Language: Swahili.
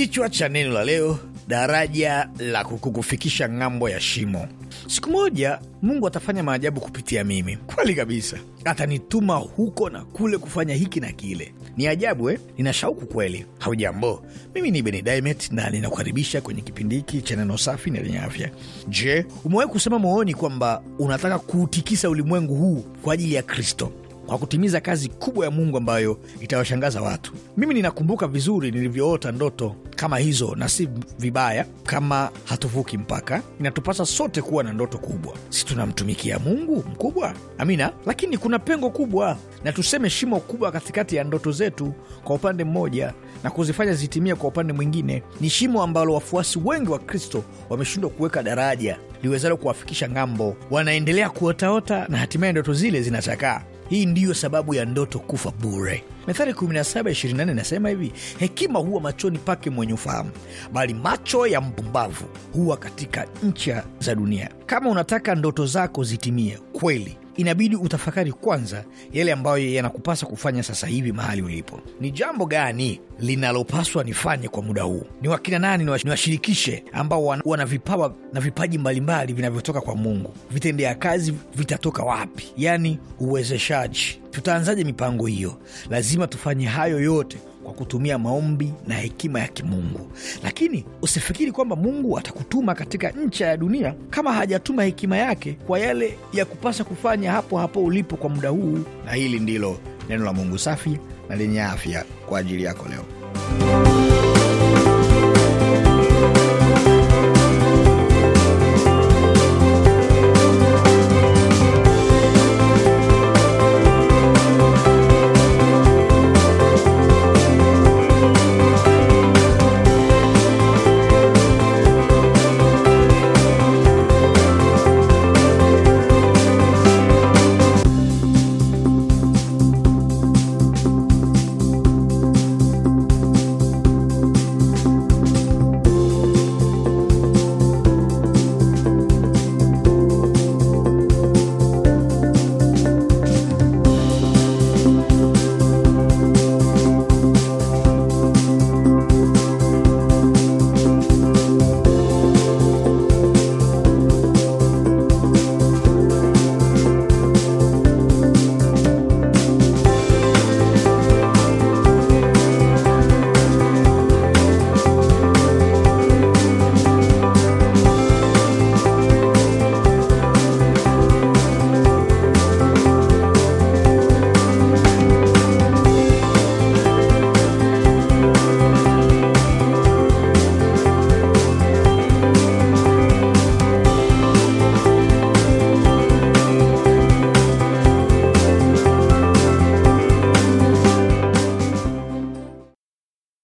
Kichwa cha neno la leo: daraja la kukufikisha ng'ambo ya shimo. Siku moja Mungu atafanya maajabu kupitia mimi, kweli kabisa. Atanituma huko na kule kufanya hiki na kile. Ni ajabu eh? Nina shauku kweli. Haujambo, mimi ni Beni Dimet na ninakukaribisha kwenye kipindi hiki cha neno safi na lenye afya. Je, umewahi kusema moyoni kwamba unataka kuutikisa ulimwengu huu kwa ajili ya Kristo kwa kutimiza kazi kubwa ya Mungu ambayo itawashangaza watu? Mimi ninakumbuka vizuri nilivyoota ndoto kama hizo, na si vibaya kama hatuvuki mpaka. Inatupasa sote kuwa na ndoto kubwa, si tunamtumikia Mungu mkubwa? Amina. Lakini kuna pengo kubwa, na tuseme shimo kubwa, katikati ya ndoto zetu kwa upande mmoja na kuzifanya zitimie kwa upande mwingine. Ni shimo ambalo wafuasi wengi wa Kristo wameshindwa kuweka daraja liwezalo kuwafikisha ng'ambo. Wanaendelea kuotaota na hatimaye ndoto zile zinachakaa. Hii ndiyo sababu ya ndoto kufa bure. Methali 17:24 inasema hivi, hekima huwa machoni pake mwenye ufahamu, bali macho ya mpumbavu huwa katika ncha za dunia. Kama unataka ndoto zako zitimie kweli, inabidi utafakari kwanza yale ambayo yanakupasa kufanya sasa hivi mahali ulipo. Ni jambo gani linalopaswa nifanye kwa muda huu? Ni wakina nani niwashirikishe ambao wana vipawa na vipaji mbalimbali vinavyotoka kwa Mungu? Vitendea kazi vitatoka wapi? Yaani uwezeshaji, tutaanzaje mipango hiyo? Lazima tufanye hayo yote kwa kutumia maombi na hekima ya kimungu. Lakini usifikiri kwamba Mungu atakutuma katika ncha ya dunia kama hajatuma hekima yake kwa yale ya kupasa kufanya hapo hapo ulipo kwa muda huu. Na hili ndilo neno la Mungu safi na lenye afya kwa ajili yako leo.